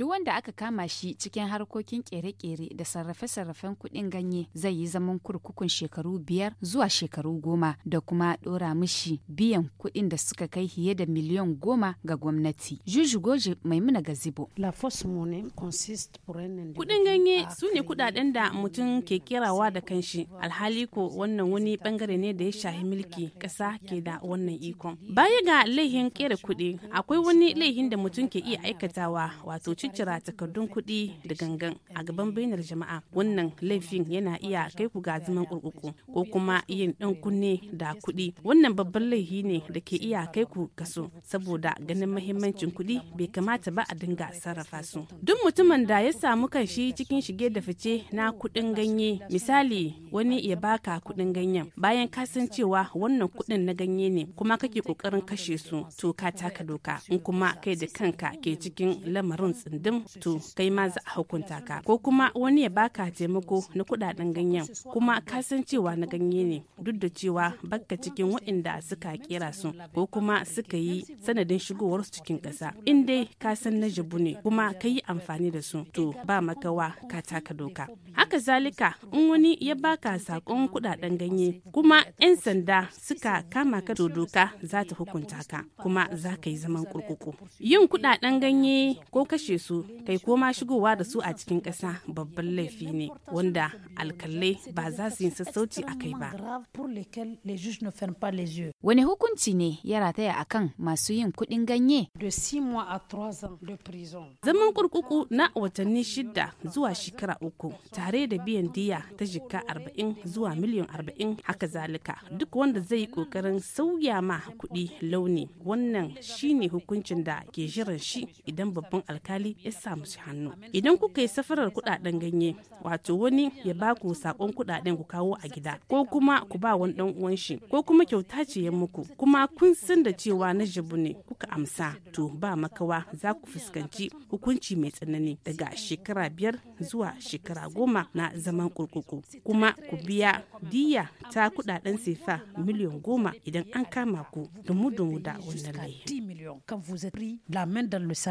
duk wanda aka kama shi cikin harkokin kere-kere da sarrafe-sarrafen kuɗin ganye zai yi zaman kurkukun shekaru biyar zuwa shekaru goma da kuma ɗora mishi biyan kuɗin da suka kai fiye da miliyan goma ga gwamnati. Juju Goje Maimuna Gazibo. Kuɗin ganye su ne kuɗaɗen da mutum ke kirawa da kanshi alhali ko wannan wani bangare ne da ya shahi mulki ƙasa ke da wannan ikon. Baya ga laihin kera kuɗi akwai wani laihin da mutum ke iya aikatawa wato kirkira takardun kuɗi da gangan a gaban bainar jama'a wannan laifin yana iya kai ku ga zaman kurkuku ko kuma yin ɗan kunne da kuɗi wannan babban laifi ne da ke iya kai ku kaso saboda ganin mahimmancin kuɗi bai kamata ba a dinga sarrafa su duk mutumin da ya samu kanshi cikin shige da fice na kuɗin ganye misali wani ya baka kuɗin ganyen bayan ka san cewa wannan kuɗin na ganye ne kuma kake ƙoƙarin kashe su to ka taka doka in kuma kai da kanka ke cikin lamarin tsinda tsundum to kai ma za a hukunta ka ko kuma wani ya baka taimako na kudaden ganyen kuma ka san cewa na ganye ne duk da cewa baka cikin waɗanda suka kera su ko kuma suka yi sanadin shigowar su cikin ƙasa in dai ka san na jabu ne kuma ka yi amfani da su to ba makawa ka taka doka haka zalika in wani ya baka sakon kudaden ganye kuma 'yan sanda suka kama ka to doka za ta hukunta ka kuma za ka yi zaman kurkuku yin kudaden ganye ko kashe su kai koma shigowa da su a cikin ƙasa babban laifi ne wanda alkalai ba za su yi sassauci a kai ba. Wani hukunci ne ya rataya a kan masu yin kuɗin ganye? Zaman kurkuku na watanni shida zuwa shekara uku tare da biyan diya ta jika arba'in zuwa miliyan arba'in haka zalika duk wanda zai yi ƙoƙarin sauya ma kuɗi launi wannan shine hukuncin da ke jiran shi idan babban alkali alkali ya sa hannu idan kuka yi safarar kudaden ganye wato wani ya ba ku sakon kudaden ku kawo a gida ko kuma ku ba wani dan uwan shi ko kuma kyauta ce ya muku kuma kun san da cewa na jibu ne kuka amsa to ba makawa za ku fuskanci hukunci mai tsanani daga shekara biyar zuwa shekara goma na zaman kurkuku kuma ku biya diya ta kudaden sefa miliyon goma idan an kama ku dumu-dumu da wannan laifi.